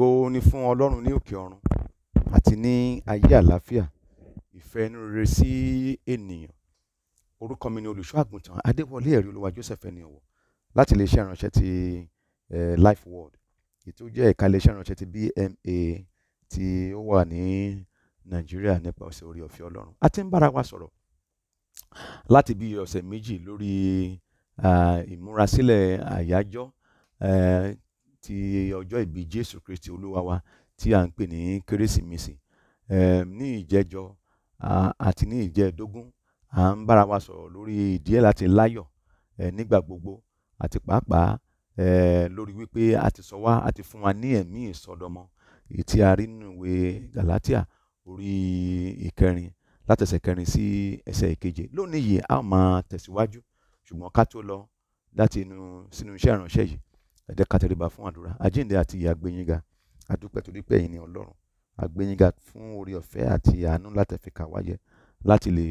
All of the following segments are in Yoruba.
ògo ni fún ọlọ́run ní òkè ọ̀run àti ní ayé àlàáfíà ìfẹ́ inú rere sí ènìyàn orúkọ mi ni olùṣọ́ àgùntàn adéwọlé ẹ̀rí olúwa joseph ẹni ọ̀wọ̀ láti iléeṣẹ́ ìránṣẹ́ ti life world ètò jẹ́ ẹ̀ka iléeṣẹ́ ìránṣẹ́ ti bma tí ó wà ní nàìjíríà nípasẹ̀ orí ọ̀fẹ́ ọlọ́run a ti ń bára wa sọ̀rọ̀ láti bí lori, méjì lórí ìmúrasílẹ̀ àyájọ́ ti ọjọ́ ìbí Jésù Kristi Olúwa wa tí a ń pè ní Kérésìmesì ní ìjẹjọ àti ní ìjẹdógún à ń bára wa sọ̀rọ̀ lórí ìdí ẹ̀ láti láyọ̀ nígbà gbogbo àti pàápàá lórí wípé a ti sọ wá a ti fún wa ní ẹ̀mí ìsọdọmọ tí a rí nínú ìwé Galatia orí ìkẹrin látẹsẹ̀ kẹrin sí ẹsẹ̀ ìkeje lónìí yìí a máa tẹ̀síwájú ṣùgbọ́n ká tó lọ láti inú sínú iṣẹ́ ìránṣẹ́ yìí ẹ jẹ́ ká tẹríba fún àdúrà àjíǹde àti ìyà gbẹ̀yìnga àdúpẹ́ torí pé ẹ̀yin ni ọlọ́run àgbẹ̀yìnga fún orí ọ̀fẹ́ àti àánú láti fi kà wáyẹ láti lè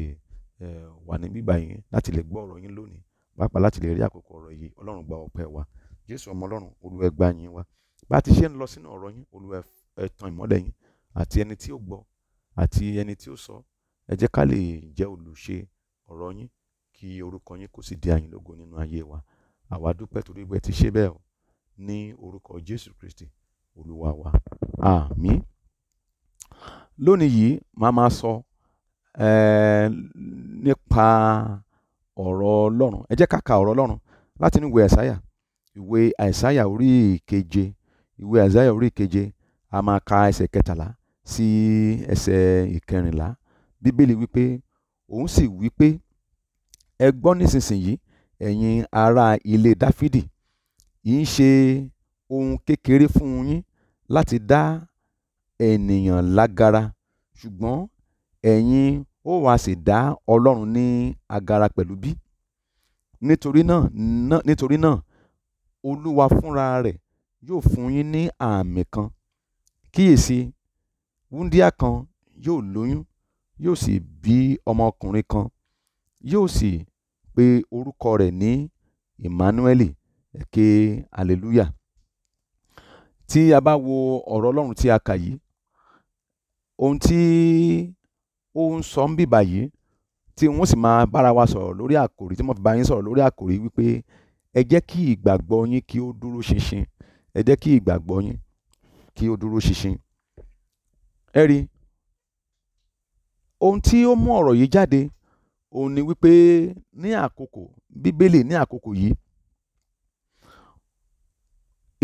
wà ní bíbá yín láti lè gbọ́ ọ̀rọ̀ yín lónìí pàápàá láti lè rí àkókò ọ̀rọ̀ yìí ọlọ́run gba ọpẹ́ wa jésù ọmọ ọlọ́run olúwa gba yín wa bá a ti ṣe ń lọ sínú ọ̀rọ̀ yín olúwa ẹ tan yín àti ẹni tí ó gbọ́ àti ẹni tí ó sọ ẹ ká lè jẹ́ olùṣe ọ̀rọ̀ yín kí orúkọ yín kò sì di àyìnlógo nínú ayé wa àwa dúpẹ́ torí pé ti ṣe bẹ́ẹ̀ o ní orúkọ Jésù Kristi Olúwa wa àmín lónìí yìí màá máa sọ eh, nípa ọ̀rọ̀ Ọlọ́run ẹ jẹ́ ká ka ọ̀rọ̀ Ọlọ́run láti inú ìwé Àìsáyà ìwé Àìsáyà orí keje ìwé Àìsáyà orí keje a máa ka ẹsẹ̀ kẹtàlá sí ẹsẹ̀ ìkẹrìnlá Bíbélì wípé òun sì wípé ẹ gbọ́ nísinsìnyí ẹ̀yin ará ilé Dáfídì kì í ṣe ohun kékeré fún yín láti dá ènìyàn lágara ṣùgbọ́n ẹ̀yin ó wá sì dá Ọlọ́run ní agara pẹ̀lú bí? nítorí náà nítorí náà Olúwa fúnra rẹ̀ yóò fún yín ní àmì kan kíyèsi i kan yóò lóyún yóò sì bí ọmọkùnrin kan yóò sì pe orúkọ rẹ̀ ní Ìmánúẹ́lì ẹ ké hallelujah tí a bá wo ọ̀rọ̀ ọlọ́run tí a kà yìí ohun tí ó ń sọ ń bìbà yìí tí wọ́n sì máa bára wa sọ̀rọ̀ lórí àkòrí tí mo fi bá yín sọ̀rọ̀ lórí àkòrí wípé ẹ jẹ́ kí ìgbàgbọ́ yín kí ó dúró ṣinṣin ẹ jẹ́ kí ìgbàgbọ́ yín kí ó dúró ṣinṣin ẹ rí ohun tí ó mú ọ̀rọ̀ yìí jáde òun ni wípé ní àkókò bíbélì ní àkókò yìí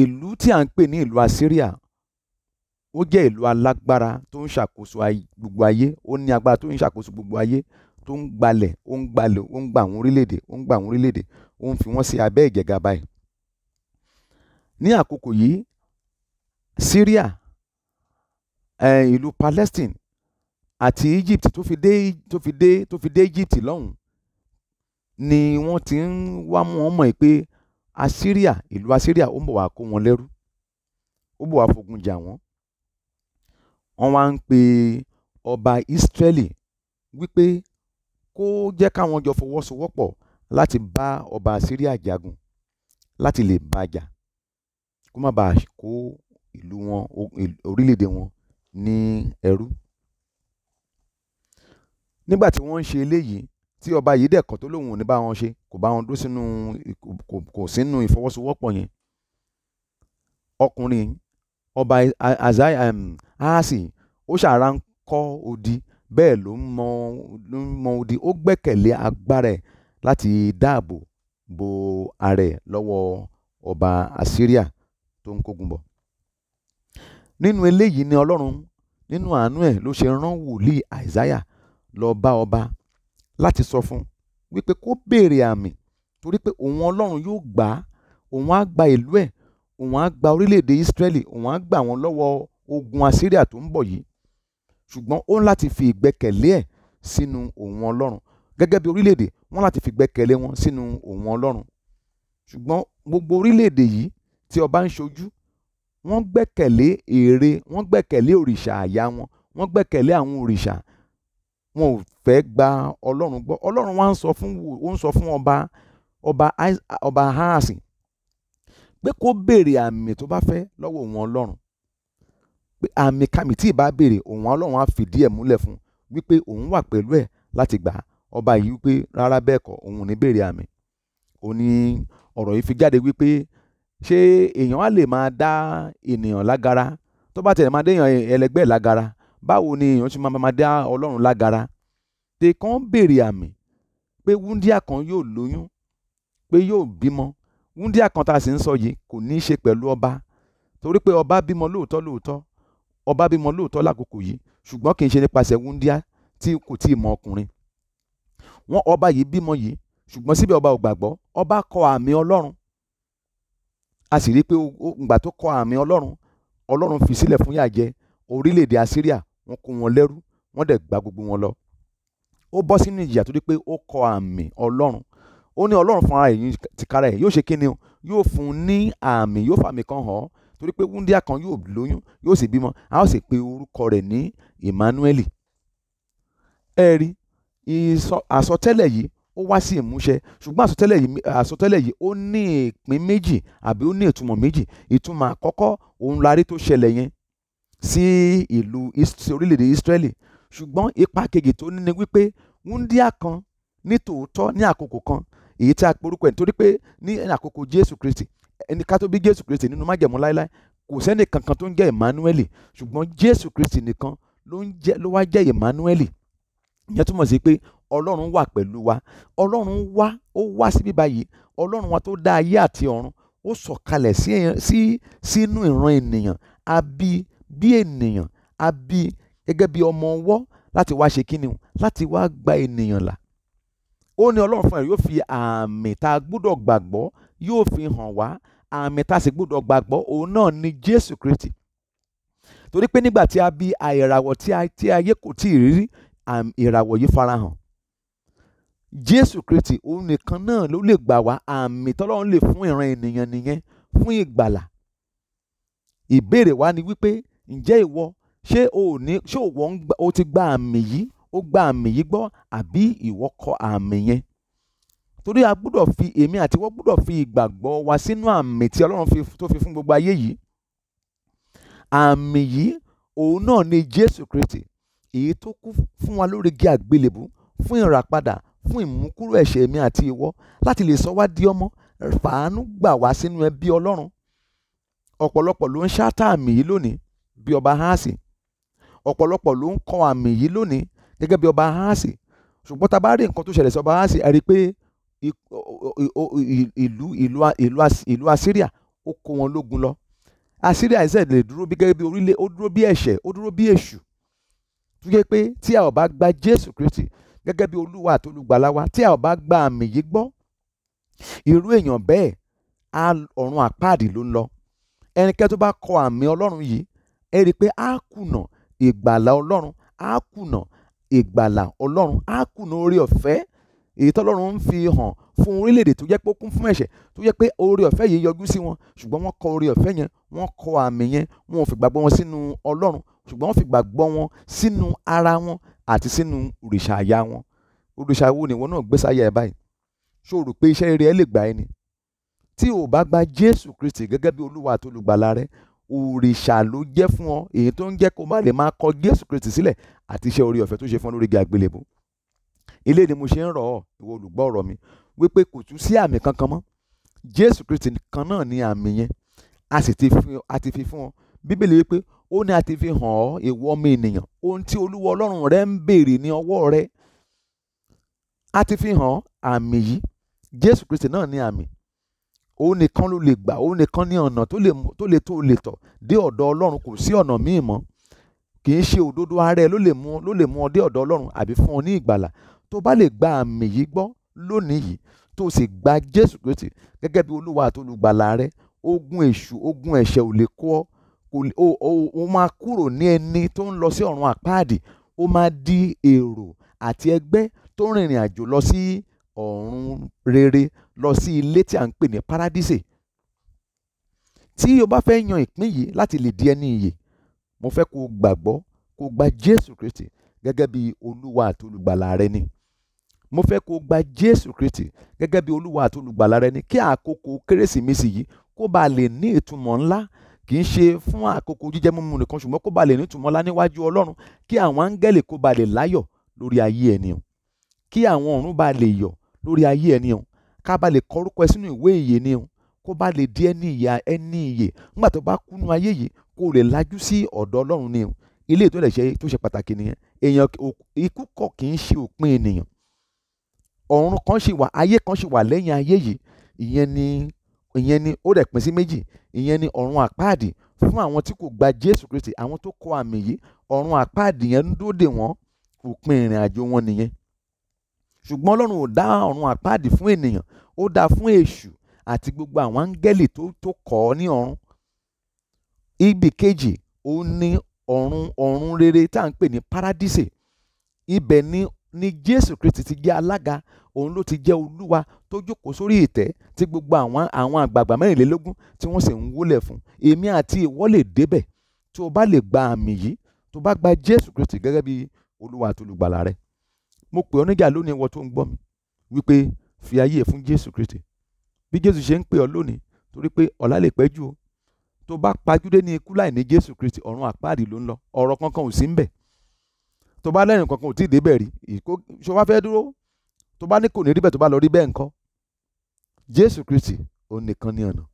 ìlú tí à ń pè ní ìlú assyria ó jẹ́ ìlú alágbára tó ń ṣàkóso gbogbo ayé ó ní agbára tó ń ṣàkóso gbogbo ayé tó ń gbalẹ̀ ó ń gbalẹ̀ ó ń gba àwọn orílẹ̀-èdè ó ń gba àwọn orílẹ̀-èdè ó ń fi wọ́n sí abẹ́ ìjẹgàba ẹ̀. ní àkókò yìí syria ìlú eh, palestine àti egypt tó fi dé tó fi dé tó fi dé egypt lọ́hùn-ún ni wọ́n ti ń wá mú wọn mọ̀ pé assyria ìlú assyria ó ń bọ̀ wá kó wọn lẹ́rú ó bọ̀ wá fogun jà wọ́n wọ́n wá ń pe ọba israeli wípé kó jẹ́ káwọn jọ fọwọ́sowọ́pọ̀ láti bá ọba assyria jagun láti lè bàjà kó má bàa kó ìlú wọn orílẹ̀-èdè wọn ní ẹrú nígbà tí wọ́n ń ṣe eléyìí tí ọba yìí dẹ̀ kọ̀ tó lóun ò ní bá wọn ṣe kò bá wọn dúró sínú kò sínú ìfọwọ́sowọ́pọ̀ yẹn ọkùnrin ọba azai aasi ó ṣàrà ń kọ́ odi bẹ́ẹ̀ ló ń mọ ló ń mọ odi ó gbẹ́kẹ̀lé agbára láti dáàbò bo ara lọ́wọ́ ọba Assyria tó ń kógun bọ̀ nínú eléyìí ni Ọlọ́run nínú àánú ẹ̀ ló ṣe rán wòlíì Isaiah lọ bá ọba láti sọ fún un wípé kó béèrè àmì torí pé òun ọlọ́run yóò gbà á òun á gba ìlú ẹ̀ òun á gba orílẹ̀-èdè Ísírẹ́lì òun á gbà wọ́n lọ́wọ́ ogun Assyria tó ń bọ̀ yìí ṣùgbọ́n ó ń láti fi ìgbẹ́kẹ̀lé ẹ̀ sínú òun ọlọ́run gẹ́gẹ́ bí orílẹ̀-èdè wọ́n láti fi gbẹ́kẹ̀lé wọn sínú òun ọlọ́run ṣùgbọ́n gbogbo orílẹ̀-èdè yìí tí ọba ń ṣojú wọ́n gbẹ́kẹ̀lé ère wọ́n gbẹ́kẹ̀lé òrìṣà àyà wọn wọ́n gbẹ́kẹ̀lé àwọn òrìṣà wọn ò fẹ́ gba ọlọ́run gbọ́ ọlọ́run wa ń sọ fún ó ń sọ fún ọba ọba ọba ahasi pé kó béèrè àmì tó bá fẹ́ lọ́wọ́ òun ọlọ́run pé àmì kàmì tí ì bá béèrè òun ọlọ́run á fìdí ẹ̀ múlẹ̀ fún wípé òun wà pẹ̀lú ẹ̀ láti gbà ọba yìí wípé rárá bẹ́ẹ̀ kọ́ òun ní béèrè àmì ó ní ọ̀rọ̀ yìí fi jáde wípé ṣé èèyàn á lè máa dá ènìyàn lágara tó bá tẹ̀lé máa dé èèyàn ẹlẹgbẹ́ lágara báwo ni èèyàn ṣe máa máa dá ọlọ́run lágara ète kan ń béèrè àmì pé wúndíá kan yóò lóyún pé yóò bímọ wúndíá kan tá a sì ń sọ yìí kò ní í ṣe pẹ̀lú ọba torí pé ọba bímọ lóòótọ́ lóòótọ́ ọba bímọ lóòótọ́ lákòókò yìí ṣùgbọ́n kì í ṣe nípasẹ̀ wúndíá tí kò tí ì mọ ọkùnrin wọn ọba yìí bímọ yìí ṣùgbọ́n síbẹ̀ ọba ò gbàgbọ́ ọba kọ àmì ọlọ́run a sì rí i pé ìgbà tó kọ àmì ọlọ́run ọlọ́run fi sílẹ̀ fún yàjẹ́ orílẹ̀-èdè assyria wọ́n kó wọn lẹ́rú wọ́n dẹ̀ gba gbogbo wọn lọ ó bọ́ sínú ìjìyà torí pé ó kọ àmì ọlọ́run ó ní ọlọ́run fúnra ẹ̀yìn tìkára ẹ̀ yóò ṣe kíni o yóò fún un ní àmì yóò fàmì kan hàn torí pé wúndíà kan yóò lóyún yóò sì bímọ a ó sì pe orúkọ rẹ̀ ní Emmanuel ẹ rí àsọtẹ́lẹ̀ yìí ó wá sí ìmúṣẹ ṣùgbọ́n àsọtẹ́lẹ̀ yìí àsọtẹ́lẹ̀ yìí ó ní ìpín méjì àbí ó ní ìtumọ̀ méjì ìtumọ̀ àkọ́kọ́ òun la rí tó ṣẹlẹ̀ yẹn sí ìlú sí orílẹ̀-èdè Israeli ṣùgbọ́n ipa kejì tó ní ni wípé wúńdíá kan ní tòótọ́ ní àkókò kan èyí tí a porúkọ ẹ̀ nítorí pé ní àkókò Jésù Kristi ẹni ká tó bí Jésù Kristi nínú májẹ̀mú láéláé kò sẹ́ni kankan tó ń jẹ́ Emmanuel ṣùgbọ́n Jésù Kristi nìkan ló ń jẹ́ ló wá jẹ́ Emmanuel ìyẹn túmọ̀ sí pé Ọlọ́run wà pẹ̀lú wa Ọlọ́run wá ó wá síbí báyìí Ọlọ́run wa tó dá ayé àti ọ̀run ó sọ̀kalẹ̀ sí sínú ìran ènìyàn a bí ènìyàn a gẹ́gẹ́ bí ọmọ ọwọ́ láti wá ṣe kíni láti wá gba ènìyàn là ó ní ọlọ́run fún ẹ yóò fi àmì tá a gbọ́dọ̀ gbàgbọ́ yóò fi hàn wá àmì tá a sì gbọ́dọ̀ gbàgbọ́ òun náà ni Jésù Kristi torí pé nígbà tí a bí ìràwọ̀ tí ayé kò tí ì rírí ìràwọ̀ yìí farahàn Jésù Kristi òun nìkan náà ló lè gbà wá àmì tọ́lọ́run lè fún ìran ènìyàn nìyẹn fún ìgbàlà ìbéèrè wa ni wípé ǹjẹ́ ìwọ ṣé o ní ṣé ìwọ ń gba o ti gba àmì yìí o gba àmì yìí gbọ́ àbí ìwọ kọ àmì yẹn torí a gbọ́dọ̀ fi èmi àti wọ́n gbọ́dọ̀ fi ìgbàgbọ́ wa sínú àmì tí Ọlọ́run tó fi fún gbogbo ayé yìí àmì yìí òun náà ni Jésù Kristi èyí tó kú fún wa lórí igi àgbélébù fún ìràpadà fún ìmúkúrò ẹ̀ṣẹ̀ mi àti ìwọ láti lè sọ wá di ọmọ fàánú gbà wá sínú ẹbí Ọlọ́run ọ̀pọ̀lọpọ̀ ló ń ṣáátà àmì yìí lónìí bí ọba háàsì ọ̀pọ̀lọpọ̀ ló ń kan àmì yìí lónìí gẹ́gẹ́ bí ọba Áásì ṣùgbọ́n tá a bá rí nǹkan tó ṣẹlẹ̀ sí ọba Áásì a rí i pé ìlú ìlú Assyria ó kó wọn lógun lọ Assyria ẹsẹ̀ lè dúró bí gẹ́gẹ́ bí orílẹ̀ ó dúró bí ẹ̀ṣẹ̀ ó dúró bí èṣù tó yẹ pé tí a ò bá gba Jésù Kristi gẹ́gẹ́ bí Olúwa àti Olùgbàlà wa tí a ò bá gba àmì yìí gbọ́ irú èèyàn bẹ́ẹ̀ á ọ̀run àpáàdì ló ń lọ ẹnikẹ́ni tó bá kọ àmì Ọlọ́run yìí ẹ rí i pé á kùnà ìgbàlà ọlọ́run á kùnà ìgbàlà ọlọ́run á kùnà orí ọ̀fẹ́ èyí tọ́lọ́run ń fi hàn fún orílẹ̀-èdè tó jẹ́ pé ó kún fún ẹ̀ṣẹ̀ tó jẹ́ pé oore ọ̀fẹ́ yìí yọjú sí wọn ṣùgbọ́n wọ́n kọ oore ọ̀fẹ́ yẹn wọ́n kọ àmì yẹn wọn ò fi gbàgbọ́ wọn sínú ọlọ́run ṣùgbọ́n wọ́n fi gbàgbọ́ wọn sínú ara wọn àti sínú òrìṣà àyà wọn òrìṣà wo ni ìwọ náà gbé sáyà ẹ báyìí ṣó o rò pé iṣẹ́ rere lè gbà ẹ tí o bá gba Jésù Kristi gẹ́gẹ́ bí olúwa àti olùgbàlà rẹ òrìṣà ló jẹ́ fún ọ èyí tó ń jẹ́ kó má lè máa kọ Jésù Kristi sílẹ̀ àti iṣẹ́ orí ọ̀fẹ́ tó ṣe fún ọ lórí igi àgbélébùú ilé ni mo ṣe ń rọ̀ ọ́ ìwọ olùgbọ́ ọ̀rọ̀ mi wípé kò tún sí àmì kankan mọ́ Jésù Kristi kan náà ni àmì yẹn a sì ti fi fún ọ Bíbélì wípé ó ní a ti fi hàn ọ́ ìwọ ọmọ ènìyàn ohun tí Olúwa Ọlọ́run rẹ ń béèrè ní ọwọ́ rẹ a ti fi hàn àmì yìí Jésù Kristi náà ni àmì òun nìkan ló lè gbà òun nìkan ní ọ̀nà tó lè tó lè tó lè tọ̀ dé ọ̀dọ̀ ọlọ́run kò sí ọ̀nà míì mọ́ kì í ṣe òdodo ààrẹ ló lè mú ló lè mú ọ dé ọ̀dọ̀ ọlọ́run àbí fún ọ ní ìgbàlà tó bá lè gba àmì yìí gbọ́ lónìí yìí tó sì gba jésù kristi gẹ́gẹ́ bí olúwa àti olùgbàlà rẹ ogun èṣù ogun ẹ̀ṣẹ̀ ò lè kó ọ o máa kúrò ní ẹni tó ń lọ sí ọ̀run àpáàdì ó máa di èrò àti ẹgbẹ́ tó rìnrìn àjò lọ sí ọ̀run rere lọ sí ilé tí a ń pè ní paradísè tí o bá fẹ́ yan ìpín yìí láti lè di ẹni iyè mo fẹ́ kó o gbàgbọ́ kó o gba jésù kristi gẹ́gẹ́ bí olúwa àti olùgbàlà rẹ ni mo fẹ́ kó o gba jésù kristi gẹ́gẹ́ bí olúwa àti olùgbàlà rẹ ni kí àkókò kérésìmesì yìí kó bá lè ní ìtumọ̀ ńlá kì í ṣe fún àkókò jíjẹ mímu nìkan ṣùgbọ́n kó bá lè ní ìtumọ̀ ńlá níwájú ọlọ́run kí àwọn áńgẹ́lì kó bá lè láyọ̀ lórí ayé ènìyàn kí àwọn ọ̀run bá lè yọ̀ lórí ayé ènìyàn ká bá lè kọ orúkọ ẹ sínú ìwé ìyè ni o kó bá lè di ẹni ìyà ẹni ìyè nígbà tó bá kúnú ayé yìí kó lè lajú sí ọ̀dọ̀ ọlọ́run ni o ilé tó lè ṣe tó ṣe pàtàkì nìyẹn èèyàn ikú kọ́ kì í ṣe òpin ènìyàn ọ̀run kan ṣì wà ayé kan ṣì wà lẹ́yìn ayé yìí ìyẹn ni ìyẹn ni ó rẹ̀ pín sí méjì ìyẹn ni ọ̀run àpáàdì fún àwọn tí kò gba Jésù Kristi àwọn tó kọ àmì yìí ọ̀run àpáàdì yẹn ń dóde wọn òpin ìrìn àjò wọn nìyẹn ṣùgbọ́n ọlọ́run ò dá ọ̀run àpáàdì fún ènìyàn ó dá fún èṣù àti gbogbo àwọn áńgẹ́lì tó tó kọ́ ní ọ̀run ibì kejì ó ní ọ̀run ọ̀run rere tá à ń pè ní paradísè ibẹ̀ ni ni jésù kristi ti jẹ́ alága òun ló ti jẹ́ olúwa tó jókòó sórí ìtẹ́ tí gbogbo àwọn àwọn àgbààgbà mẹ́rìnlélógún tí wọ́n sì ń wólẹ̀ fún èmi àti ìwọ lè débẹ̀ tó o bá lè gba àmì yìí tó bá gba jésù kristi gẹ́gẹ́ bí olúwa àti olùgbàlà rẹ̀ mo pè ọ́ níjà lónìí ìwọ tó ń gbọ́ mi wípé fi ayé ẹ̀ fún Jésù Kristi bí Jésù ṣe ń pè ọ́ lónìí torí pé ọ̀la lè pẹ́ jù o tó bá pajúdé ní ikú láì ní Jésù Kristi ọ̀run àpáàdì ló ń lọ ọ̀rọ̀ kankan ò sí ń bẹ̀ tó bá lẹ́rìn kankan ò tí ì débẹ̀ rí ìkó ṣó wá fẹ́ dúró tó bá ní kò ní rí bẹ́ẹ̀ tó bá lọ rí bẹ́ẹ̀ ńkọ́ Jésù Kristi òun nìkan ni ọ̀nà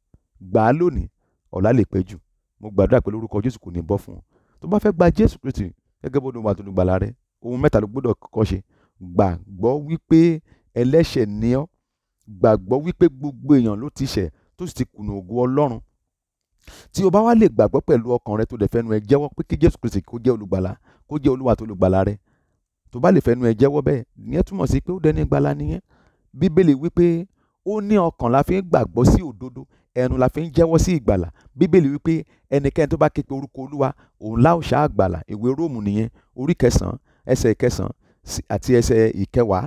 gbà á lónìí ọ̀la lè pẹ́ jù mo gbàdúrà pé lórúkọ Jésù kò ní bọ́ fún ọ tó bá fẹ́ gba Jésù Kristi gẹ́gẹ́ bó ló wà tó ní gbàlà rẹ ohun mẹ́ta ló gbọ́dọ̀ kọ́ ṣe gbàgbọ́ wípé ẹlẹ́ṣẹ̀ ni ọ́ gbàgbọ́ wípé gbogbo èèyàn ló ti ṣẹ̀ tó sì ti kùnà ògo ọlọ́run tí o bá wá lè gbàgbọ́ pẹ̀lú ọkàn rẹ tó dẹ̀ fẹ́nu ẹ jẹ́wọ́ pé kí jésù kristi kó jẹ́ olùgbàlà kó jẹ́ olúwa tó olùgbàlà rẹ tó bá lè fẹ́nu ẹ jẹ́wọ́ bẹ́ẹ̀ ìyẹn túmọ̀ sí pé ó dẹni gbàlà nìyẹn bíbélì wípé ó ní ọkàn la fi ń gbàgbọ́ sí òdodo ẹnu la fi ń jẹ́wọ́ sí ìgbàlà bíbélì wípé ẹnikẹ́ni tó bá képe orúkọ olúwa òun láò ṣá àgbàlà ìwé róòmù nìyẹn orí kẹsàn-án ẹsẹ̀ kẹsàn-án àti ẹsẹ̀ ìkẹwàá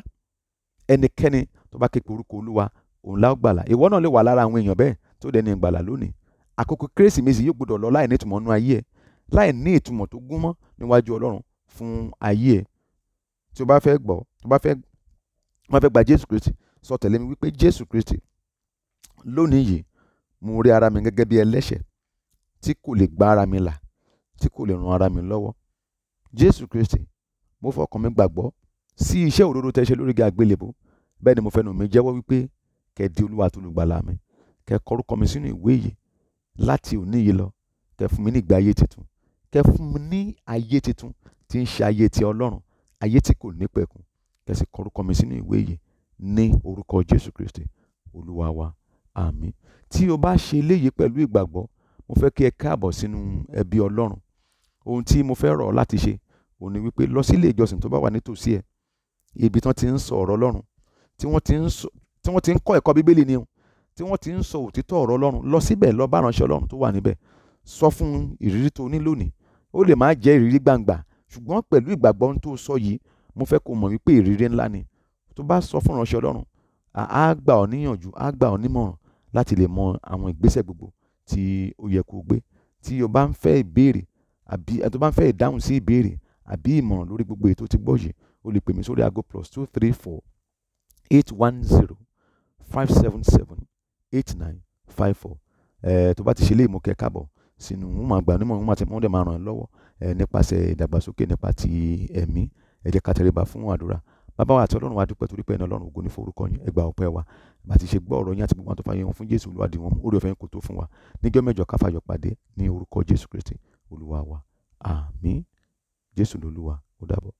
ẹnikẹ́ni tó bá képe orúkọ olúwa òun la ó gbàlà ìwọ náà lè wà lára àwọn èèyàn bẹ́ẹ̀ tó dẹni ìgbàlà lónìí àkókò kérésìmesì yóò gbọdọ̀ lọ láì ní ìtumọ̀ nínú ayé ẹ̀ láì ní ìtumọ̀ tó gún mọ́ níwájú ọlọ́run fún ayé ẹ̀ tí o bá fẹ́ gbọ́ tó bá fẹ́ má fẹ́ gba jésù kristi sọ tẹ̀lé mi wípé jésù kristi lónìí yìí mo rí ara mi gẹ́gẹ́ bí ẹlẹ́ṣẹ̀ tí kò lè gba ara mi là tí kò lè ran ara mi lọ́wọ́ jésù kristi mo fọkàn mi gbàgbọ́ sí iṣẹ́ òdodo tẹ́ ṣe lórí igi àgbélébùú bẹ́ẹ̀ ni mo fẹnu mi jẹ́wọ́ wípé kẹ́ di olúwa àti olùgbàlà mi kẹ́ kọ orúkọ mi sínú ìwé yìí láti òní yìí lọ kẹ́ fún mi ní ìgbé ayé tuntun kẹ́ fún mi ní ayé tuntun tí ń ṣe ayé ti ọlọ́run ayé tí kò nípẹ̀kun kẹ́ sì kọ orúkọ mi sínú ìwé yìí ní orúkọ jésù kristi olúwa wa àmín tí o bá ṣe eléyìí pẹ̀lú ìgbàgbọ́ mo fẹ́ kí ẹ káàbọ̀ sínú ẹbí ọlọ́run ohun tí mo fẹ́ rọ̀ láti ṣe òun ni wípé lọ sí ilé ìjọsìn tó bá wà nítòsí ẹ ibi tí wọ́n ti ń sọ ọ̀rọ̀ Ọlọ́run tí wọ́n ti ń kọ́ ẹ̀kọ́ bíbélì ni o tí wọ́n ti ń sọ òtítọ́ ọ̀rọ̀ Ọlọ́run lọ síbẹ̀ lọ bá ránṣẹ́ Ọlọ́run tó wà níbẹ̀ sọ fún ìrírí tó ní lónìí ó lè má jẹ́ ìrírí gbangba ṣùgbọ́n pẹ̀lú ìgbàgbọ́ tó sọ yìí mo fẹ́ kó mọ̀ wípé ìrírí ńlá ni tó bá sọ fún ránṣẹ́ Ọlọ́run á gbà ọ́ níyànjú á gbà ọ́ nímọ̀ràn láti lè mọ àwọn ìgbésẹ̀ gbogbo tí ó yẹ kó gbé tí o bá ń fẹ́ ìbéèrè àbí tó bá ń fẹ́ ìdáhùn sí ìbéèrè àbí ìmọ̀ràn lórí gbogbo ètò tí gbọ́ yìí o lè pè mí sórí aago plus two three four eight one zero five seven seven eight nine five four tó bá ti ṣe léèmú kẹ káàbọ̀ sínú wọn máa gbà nímọ̀ wọn máa ti wọn dẹ̀ máa ràn ẹ́ lọ́wọ́ nípasẹ̀ ìdàgbàsókè nípa ti ẹ̀mí ẹ jẹ́ ká tẹríba fún àdúrà bàbá wa àti ọlọ́run wa dúpẹ́ torí pé ẹni ọlọ́run ògo ní forúkọ yín ẹgbà ọpẹ́ wa bá ti ṣe gbọ́ ọ̀rọ̀ yín àti gbogbo àtọ́fà yẹn wọn fún jésù olúwa dì orí ọ̀fẹ́ yín kò tó fún wa níjọ́ mẹ́jọ káfàyọ̀ pàdé ní orúkọ jésù kristi olúwa wa àmín jésù lolúwa ó dàbọ̀.